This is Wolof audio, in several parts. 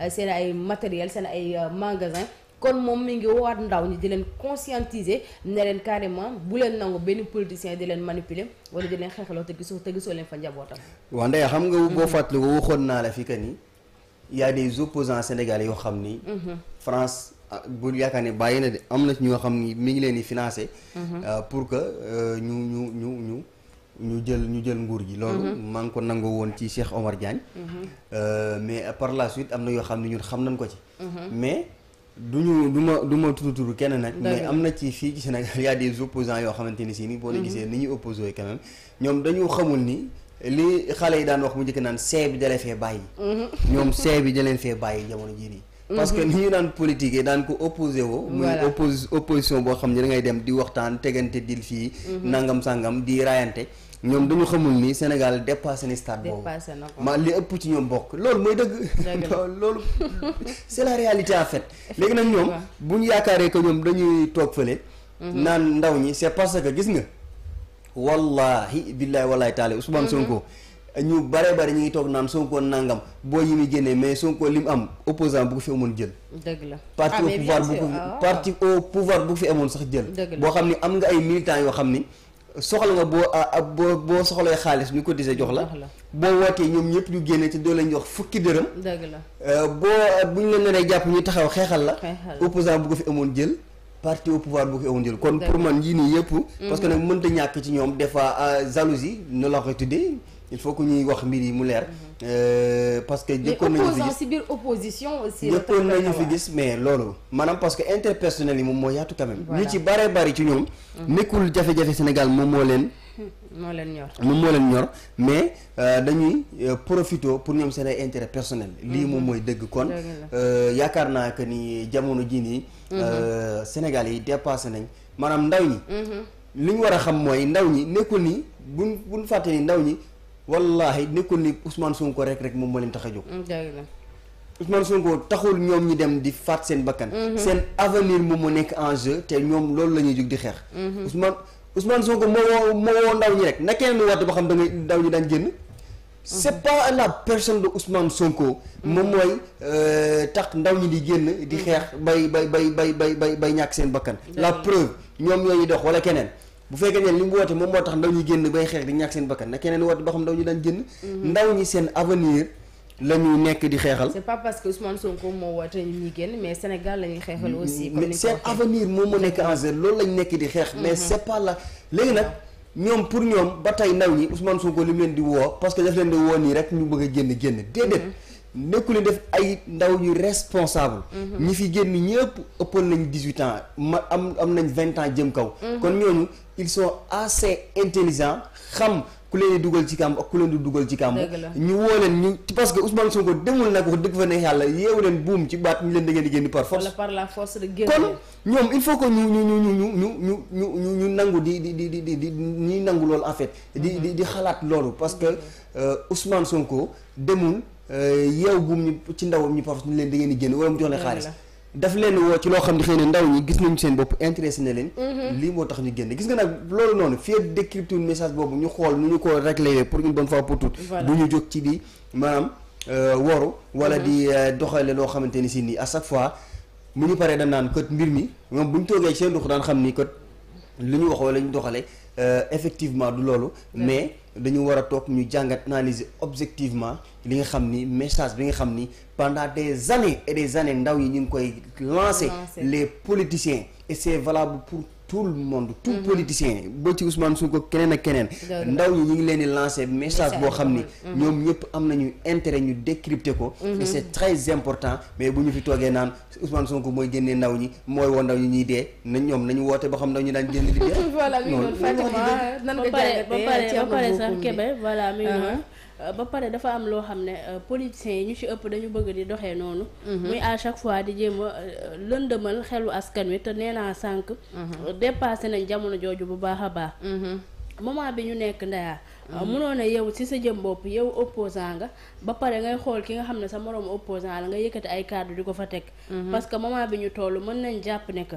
Euh, seen ay matériel seen ay euh, magasin kon moom mi ngi woowaat ndaw ñi di leen conscientiser ne leen carrément bu leen nangu benn politicien di leen manipuler wala di leen xeexaloo te gisoo te gisoo leen fa njabootam. waaw ndey xam nga boo fàttaliku waxoon naa la fi que ni y a des opposants yoo xam ni. Mhm. France ah, bu yaakaar ne bàyyi na de am na ci ñoo xam ni mi ngi leen di financer. Mhm. Euh, pour que ñu ñu ñu ñu. ñu jël ñu jël nguur gi. loolu mhm. maa ngi ko nangoo woon ci Cheikh Omar Diagne. Mhm. Euh, mais par la suite am na yoo xam ne ñun xam nañ ko ci. Mhm. mais du ñu du ma du ma kenn nag. mais am na ci fii ci Sénégal yoo xamante ni ni boo leen gisee ni ñuy opposé quand ñoom dañu xamul ni. li xale yi daan wax mu njëkk naan see bi dalee fee bàyyi. ñoom see bi daleen fee bàyyi jamono jii nii. parce que ni ñu daan politique daan ko opposé woo. opposition boo xam ne da dem di waxtaan tegante dil fii. nangam sangam di raayante. ñoom dañu xamul ni Sénégal dépassé na stade boobu dépassé na ko ma li ëpp ci ñoom bokk loolu mooy dëgg loolu c'est la réalité en fait léegi nag ñoom bu ñu yaakaaree que ñoom dañuy toog fële mhm. naan ndaw ñi c'est parce que gis nga wallahi billahi wallahi taala Ousmane mhm. Sonko ñu bare bare ñu ngi toog naan Sonko nangam boo yi muy génnee mais Sonko li mu am opposant bu ko fi amoon jël dëgg la parti ah, ah, au pouvoir bu fi amoon sax jël boo xam ni am nga ay militants yoo xam ni soxla nga boo a ah, ah, boo boo soxlee xaalis ñu cotiser jox la boo wootee ñoom ñëpp ñu génne ci doo leen jox fukki dërëm dëgg la euh, boo bu ñu la naree jàpp ñu taxaw xeexal la opposant bu ko fi amoon jël parti au pouvoir bu amoon jël kon pour man yii nii yëpp parce que mm-hmm. nag mënta ñàkk ci ñoom des fois ah, jalousie no la ko tuddee il faut que ñuy wax mbir yi mu leer. Mhm. Euh, parce que jëkkoon nañu fi gis si biir fi gis mais loolu. maanaam parce que interpersonnel yi moom moo yaatu quand même. ñu ci bare bari ci ñoom. Mhm. nekkul jafe Sénégal moom moo leen. moo leen ñor moom moo leen ñor mais euh, dañuy euh, profité pour ñoom seen ay intérêt personnel lii moom mhm. mooy dëgg kon yaakaar naa que ni jamono jii nii Sénégal yi dépassé nañ maanaam ndaw ñi li ñu war a xam mooy ndaw ñi nekkul nii buñ buñ fàtte ni ndaw ñi wallahi nekkul ni Ousmane Sonko rek rek moom moo leen tax a jóg. Mm, Ousmane Sonko taxul ñoom ñi dem di faat seen bakkan. Mm-hmm. seen avenir moom moo nekk en te ñoom loolu la ñuy jóg di xeex. Mm-hmm. Ousmane Ousmane Sonko moo woo moo woo ndaw ñi rek na keneen woote ba xam da ngay ndaw ñi daan génn. Mm-hmm. c'est la personne de Ousmane Sonko. moom mooy euh, tax ndaw ñi di génn di xeex bay bay bay bay bay bay ñàkk seen bakkan. la preuve ñoom ñoo dox wala keneen. bu fekkee ne li mu woote moom moo tax ndaw ñi génn bay xeex di ñàkk seen bakkan na keneen woote boo xam ndaw ñi daan génn. Mhm. ndaw ñi seen avenir la ñu nekk di xeexal. c'est parce que Ousmane Sonko moo woote ñu ñuy génn mais Sénégal la ñuy xeexal aussi. comme ni seen avenir moom moo nekk en jeu loolu lañ nekk di xeex. mais mhm. c'est pas la léegi nag. ñoom pour ñoom ba tey ndaw ñi Ousmane Sonko li mu leen di woo parce que daf leen di woo nii rek ñu bëgg a génn génn déedéet. Mhm. nekkul def ay ndaw yu responsable. Mhm. ñi fi génn ñëpp ëppoon nañ dix huit ans ma am am nañ vingt ans jëm kaw. Mhm. kon ñooñu ils sont assez intelligents xam ku leen di dugal ci kàmb ak ku leen di dugal ci kàmb. ñu woo leen ñu parce que Ousmane Sonko demul nag wax dëgg fa ne yàlla yeewu leen buum ci baat ñu leen da ngeen di génn par force. wala par la force de génn kon ñoom il faut que ñu ñu ñu ñu ñu ñu ñu ñu nangu di di di di di ñuy nangu loolu en fait. di di di xalaat loolu parce que mhm. euh, Ousmane Sonko demul. Euh, yeew buum ñu ci ndawam ñu parfois ñu leen di ngeen di génn wala mu jox leen xaalis daf leen woo ci loo xam ne xëy na ndaw ñi gis nañu seen bopp intéressé na leen mhm. lii moo tax ñu génn gis nga nag loolu noonu fii ak message boobu ñu xool nu ñu ko réglé pour une bonne fois pour toutes bu ñu jóg ci di maanaam euh, woru wala mhm. di euh, doxale loo xamante ni si nii à chaque fois mu ñu paree dañ naan kët mbir mi moom bu ñu toogee seen dux daan xam ni kët lu ñu wax wala ñu doxale effectivement du loolu mais dañu war a toog ñu jàngat analyser objectivement li nga xam ni message bi nga xam ni pendant des années et des années ndaw yi ñu ngi koy lancer les politiciens et c'est valable pour tout le monde tout politicien boo ci Ousmane Sonko keneen ak keneen ndaw ñi ñu ngi leen di lancer message boo xam ni ñoom ñëpp am nañu intérêt ñu décrypter ko et c'est très important mais bu ñu fi toogee naan Ousmane Sonko mooy génnee ndaw ñi mooy woo ndaw ñi ñuy dee na ñoom nañu woote boo xam ndaw ñi daan génn di dee voilà mi ngi noonu Fatima nan nga jàngatee ba pare sax Kébé voilà Euh, ba pare dafa am loo xam ne euh, politiciens yi ñu ci ëpp dañu bëgg di doxee noonu. Mhm. muy à chaque fois di jéem a euh, lëndëmal xelu askan wi te nee naa sànq. Mhm. dépassé nañ jamono jooju bu baax a baax. Mhm. moment bi ñu nekk ndayaa mënoon na yow ci sa jëm bopp yow opposant nga ba pare ngay xool ki nga xam ne sa moroom opposant la nga yëkkati ay kàddu di ko fa teg parce que moment bi ñu toll mën nañ jàpp ne que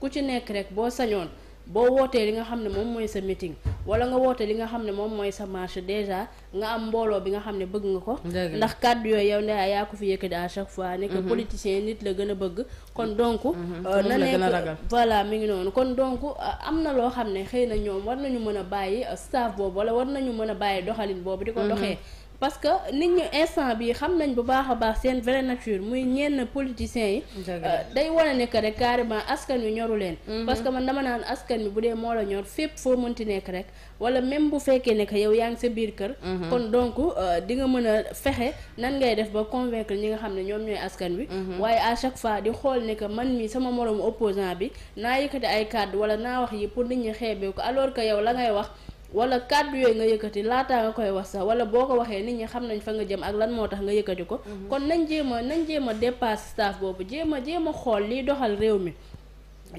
ku ci nekk rek boo sañoon boo wootee li nga xam ne moom mooy sa meeting wala nga wootee li nga xam ne moom mooy sa marche déjà nga am mbooloo bi nga xam ne bëgg nga ko ndax kàddu yooyu yow ndeyaa yaa ko fi yëkkati à chaque fois ne que mhm. politicien nit la gën a bëgg kon donc mhm. euh, na nekk voilà mi ngi noonu kon donc euh, am na loo xam ne xëy na ñoom war nañu mën a bàyyi staff boobu wala war nañu mën a bàyyi doxalin boobu di ko mhm. doxee parce que nit ñi instant bi xam nañ bu baax a baax seen vraie nature muy ñenn politiciens yi euh, day wane ne que rek carrément askan wi ñoru leen mhm. parce que man dama naan askan bi bu dee moo la ñor fépp foo mënti nekk rek wala même bu fekkee ne que yow yaa ngi sa biir kër mhm. kon donc euh, di nga mën a fexe nan ngay def ba convaincre ñi nga xam ne ñoom ñooy askan wi mhm. waaye à chaque fois di xool ne que man mi sama moroomu opposan bi naa yëkkati ay kàddu wala naa wax yi pour nit ñi xeebee ko alors que yow la ngay wax wala kàddu yooyu nga yëkkati laataa nga koy wax sax wala boo ko waxee nit ñi xam nañ fa nga jëm ak lan moo tax nga yëkkati ko mhm. kon nañ jéem a nañ jéem a dépasse staff boobu jéem a jéem a xool liy doxal réew mi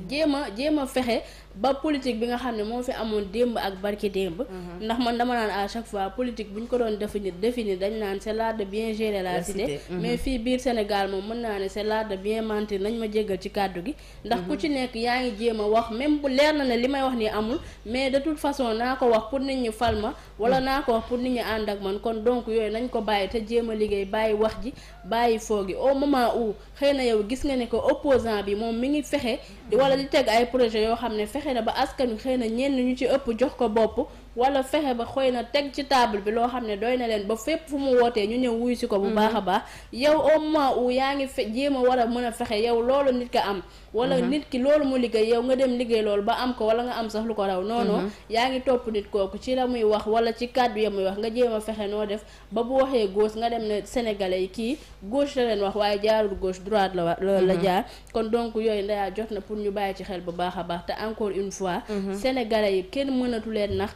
jéem a jéem a fexe ba politique bi nga xam ne moo fi amoon démb ak barki démb. Mhm. ndax man dama naan à chaque fois politique bu ñu ko doon définir définir dañ naan c'est l'art de bien gérer la cité. Mhm. mais fii biir Sénégal moom mën naa ne c'est l'art de bien mentir nañ ma jéggal ci kaddu gi. ndax ku mhm. ci nekk yaa ngi jéem a wax même bu leer na ne li may wax nii amul mais de toute façon naa ko wax pour nit ñi fal ma wala naa ko wax pour nit ñi ànd ak man kon donc yooyu nañ ko bàyyi te jéem a liggéey bàyyi wax ji bàyyi foo gi au moment où xëy na yow gis nga ne ko opposant bi moom mi ngi fexe. wala di teg ay projet yoo xam ne fexe na ba askan wi xëy na ñenn ñu ci ëpp jox ko bopp wala fexe ba xëy na teg ci table bi loo xam ne doy na leen ba fépp fu mu wootee ñu ñëw wuyu si ko bu baax a baax yow oma moins yaa ngi fe jéem a war a mën a fexe yow loolu nit ka am wala mhm. nit ki loolu mu liggéey yow nga dem liggéey loolu ba am ko wala nga am sax lu ko raw noonu mhm. yaa ngi topp nit kooku ci la muy wax wala ci kàddu ya muy wax nga jéem a fexe noo def ba bu waxee gauche nga dem ne sénégalais yi kii gauche la leen wax waaye jaarul gauche droite la wa la mhm. jaar kon donc yooyu ndayaa jot na pour ñu bàyyi ci xel bu baax a baax te encore une fois sénégalais yi kenn mënatu leen nax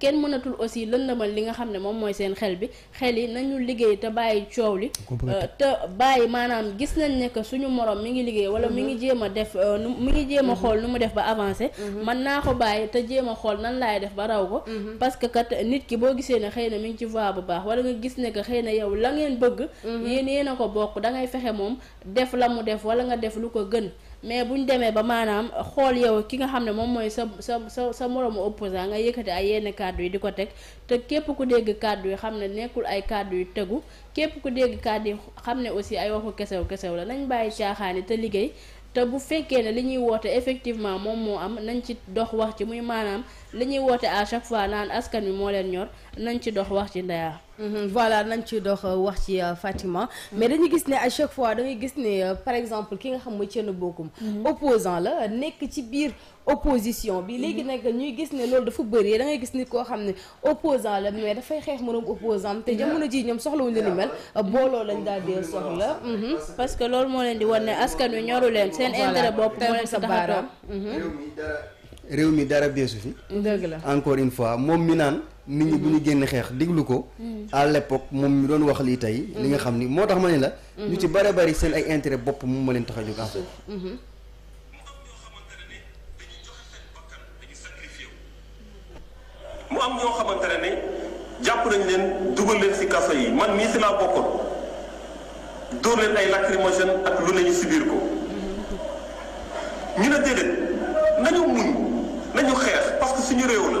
kenn mënatul aussi lëndëmal li nga xam ne moom mooy seen xel bi xel yi nañu liggéey te bàyyi coow li euh, te bàyyi maanaam gis nañ ne que suñu morom mi ngi liggéey wala mi ngi jéem a def euh, nu mi ngi jéem a mhm. xool nu mu def ba avancé mhm. man naa ko bàyyi te jéem a xool nan laay def ba raw ko mhm. parce que kat nit ki boo gisee ne xëy na mi ngi ci voie bu baax wala nga gis ne que xëy na yow la ngeen bëgg yéen yéen a ko bokk da ngay fexe moom def la mu def wala nga def lu ko gën mais bu ñu demee ba maanaam xool yow ki nga xam ne moom mooy sa sa sa sa moroomu opposant nga yëkkati ay yenn kàddu yi di ko teg te képp ku dégg kàddu yi xam ne nekkul ay kàddu yu tegu képp ku dégg kàddu xam ne aussi ay waxu kesew kesew la nañ bàyyi caaxaani te liggéey te bu fekkee ne li ñuy woote effectivement moom moo am nañ ci dox wax ci muy maanaam li ñuy woote à chaque fois naan askan wi moo leen ñor nañ ci dox wax ci ndeyaa Mhm, voilà nañ ci dox euh, wax ci euh, Fatima mhm. mais dañu gis ne à chaque fois dangay gis ne euh, par exemple ki nga xam mooy Thierno Bocoum mhm. opposant la nekk ci biir opposition bi léegi nag ñuy gis ne loolu dafa bëri da ngay gis nit koo xam ne opposant la mais dafay xeex moroom opposant te jamono ji ñoom soxlawuñ li ni mel booloo lañ daal di soxla parce que loolu moo leen di wan ne askan wi ñoru leen seen intérêt bopp moo leen sa baaraam réew mi dara beesu fi. dëgg la encore une fois moom mi naan. nit ñi bu ñu génn xeex déglu ko. Mm-hmm. à l'époque moom mi doon wax lii tey. li nga xam ni moo tax ma ne la. Mm-hmm. ñu ci bare bari seen ay intérêt bopp moom ma leen tax a jóg en fait. Mm-hmm. mu am ñoo xamante ne jàpp nañ leen dugal leen ci kaso yi man mii ci laa bokkoon dóor leen ay lacrymogène ak lu ne ñu subir ko ñu ne déedéet nañu muñ. nañu xeex parce que suñu réew la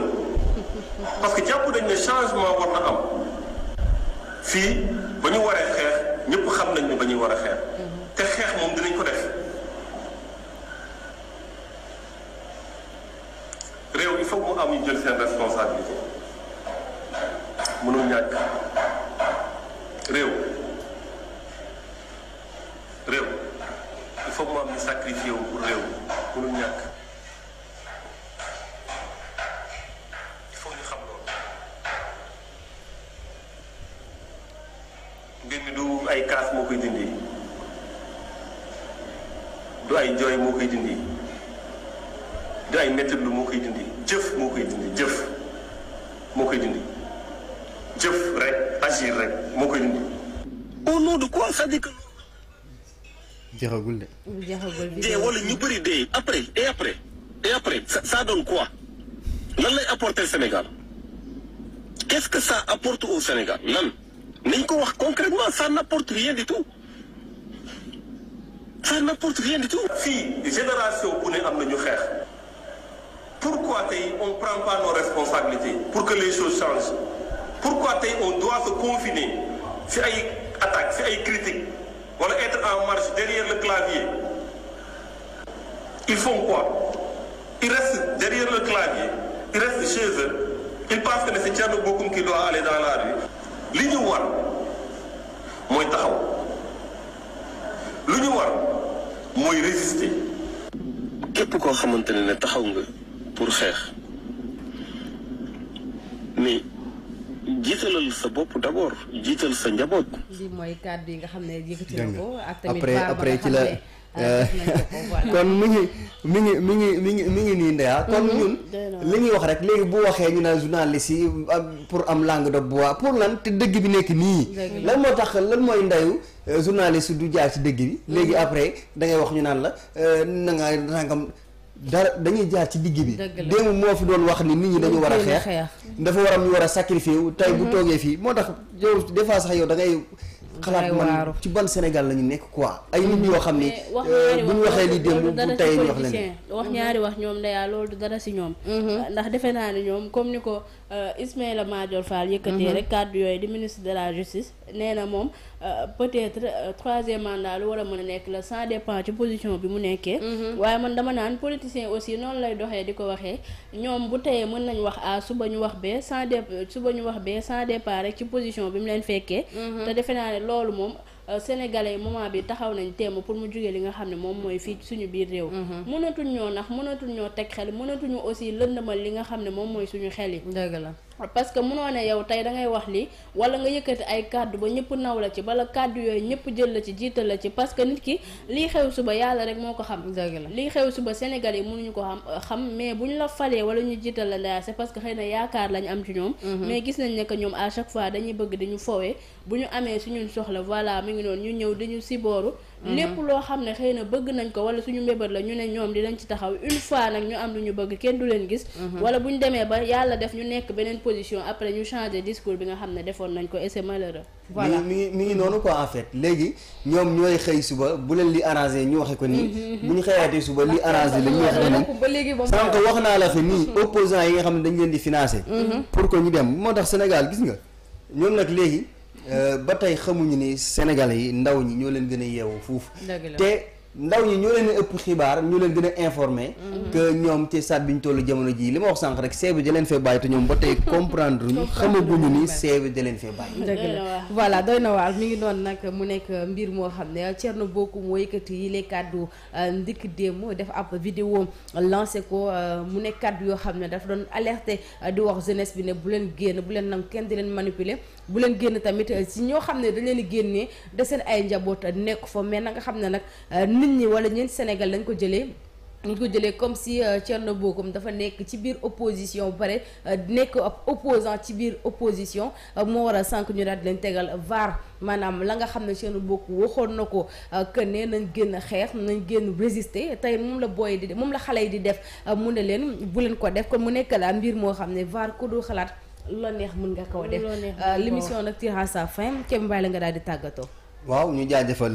parce que jàpp dañ ne changement war na am fii ba ñu waree xeex ñëpp xam nañ ne ba ñuy war a xeex te xeex moom dinañ ko def réew il faut mu am ñu jël seen responsabilité mënul ñàkk réew réew il faut mu am ñu sacrifié pour réew mënul ñàkk du ay jooy moo koy dindi du ay mettit jëf moo koy dindi jëf rek agir rek moo koy dindi. au nom de quoi ça dit que. de. jeexagul de dee wala ñu bëri dee après et après et après ça ça donne lay apporter Sénégal qu'est-ce que ça apporte au Sénégal lan nañ ko wax concrètement sa n'apporte rien du tout. ça n'apporte rien du tout. fii génération bu ne am na ñu xeex pourquoi tey on prend pas nos responsabilités pour que les choses changent pourquoi tey on doit se confiner si ay attaques si ay critiques wala être en marche derrière le clavier ils font quoi ils restent derrière le clavier ils restent chez eux ils pensent que c'est Thierno Bocoum qui doit aller dans la li ñu war mooy taxaw lu ñu war. mooy résister. képp koo xamante ne ne taxaw nga pour xeex mais jiitalal sa bopp d' abord jiital sa njaboot. lii mooy kàddu yi nga xam ne ci na ko. ak tamit après après ci la. Euh, ah, kon mu ngi. mi ngi mi ngi mi ngi mi ngi nii ndeya mhm. kon ñun li ñuy wax rek léegi bu waxee ñu naan journaliste yi ah, pour am langue de bois pour lan te dëgg bi nekk nii lan moo tax lan mooy ndeyu euh, journaliste du jaar ci dëgg bi mhm. léegi après dangay wax ñu naan la euh, na nga nangam dara dañuy jaar ci digg bi démb moo fi doon wax ni nit ñi dañu war a xeex dafa war ñu war a sacrifier wu tey bu mhm. toogee fii moo tax yow des fois sax yow da ngay xalaat man ci ban Sénégal la ñu nekk quoi. ay nit yoo xam ni eh, euh, bu ñu waxee li démb bu tey ñu wax leen wax ñaari wax ñoom ndeyaa loolu du dara si ñoom. Mm-hmm. ndax defe naa ne ñoom comme ni ko. Euh, Ismaïla Madior Fall yëkkatee mhm. rek kàddu yooyu di ministre de la justice nee na moom euh, peut-être euh, troisième mandat lu war a mën a nekk la sans dépend ci position bi mu nekkee mhm. waaye man dama naan politicien aussi noonu lay doxee di ko waxee ñoom bu teyee mën nañ wax a suba ñu wax bee sans dé suba ñu wax bee sans départ rek ci position bi mu leen fekkee mhm. te defe naa ne loolu moom Euh, sénégalais yi moment bi taxaw nañ temm pour mu jóge li nga xam ne moom mooy fii suñu biir réew mhm. mënatuñ ñoo nax mënatuñ ñoo teg xel mënatuñu aussi lëndëmal li nga xam ne moom mooy suñu xel yi dëgg la parce que mënoo ne yow tey dangay wax li wala nga yëkkati ay kàddu ba ñëpp naw la ci bala kàddu yooyu ñëpp jël la ci jiital la ci parce que nit ki lii xew suba yàlla rek moo ko xam. dëgg la lii xew suba Sénégal yi mënuñu ko xam xam mais bu ñu la falee wala ñu jiital la ndeyaase parce que xëy na yaakaar lañ am ci ñoom. Mhm. mais gis nañ ne que ñoom à chaque fois dañuy bëgg di ñu fowee bu ñu amee suñu soxla voilà mi ngi noonu ñu ñëw di ñu sibooru. Mm-hmm. lépp loo xam ne xëy na bëgg nañ ko wala suñu mbébét la ñu ne ñoom dinañ ci taxaw une fois nag ñu am lu ñu bëgg kenn du leen gis mm-hmm. wala bu ñu demee ba yàlla def ñu nekk beneen position après ñu changer discours bi nga xam ne defoon nañ ko et c'est malheureux voilà mi ngi mi ngi noonu ko en léegi ñoom ñooy xëy suba bu leen li arrangé ñu waxe ko nii mm-hmm. bu ñu xëyaatee suba li arrangé la ñu waxe ko nii sànq wax naa la fi nii opposant yi nga xam ne dañ leen di financer pour que ñu dem moo tax Sénégal gis nga ñoom nag léegi Euh, ba tey xamuñu ni sénégalais yi ndaw ñi ñoo leen gën a yeewu fuuf te ndaw ñi ñoo leen ëpp xibaar ñu leen gën a informé mm-hmm. que ñoom ci saat bi ñu toll jamono jii li ma wax sànq rek seebi da leen fee bàyyi te ñoom ba tey comprendre ñu xamaguñu ni seebi da leen fee bàyyi dëgg la voilà doy na waar mi ngi doon nag mu nekk mbir moo xam ne Thierno Bocoum moo yëkkati yi les kàddu euh, ndikk démb def ab vidéo lancé ko euh, mu nekk kàddu yoo xam ne daf doon alerte euh, di wax jeunesse bi ne bu leen génn bu leen nangu kenn di leen manipuler bu leen génn tamit si ñoo xam ne dañ leen génnee de seen ay njaboot a nekk fa mais na nga xam ne nag nit ñi wala ñeent Sénégal lañ ko jëlee ñu ko jëlee comme si euh, Thierno Bocoum dafa nekk ci biir opposition ba pare euh, nekk ab opposant ci biir opposition euh, moo war sànq ñu daal di leen tegal VAR maanaam la nga xam ne Thierno Bocoum waxoon na ko que nañ génn xeex nañ génn résister tey moom la booy di moom la xale yi di def mu ne leen bu leen ko def kon mu nekk la mbir moo xam ne VAR ko dul xalaat la neex mën nga koo def l'émission nag tire sa fin Kébé Mbaye la nga daal di tàggatoo waaw ñu jaajëfal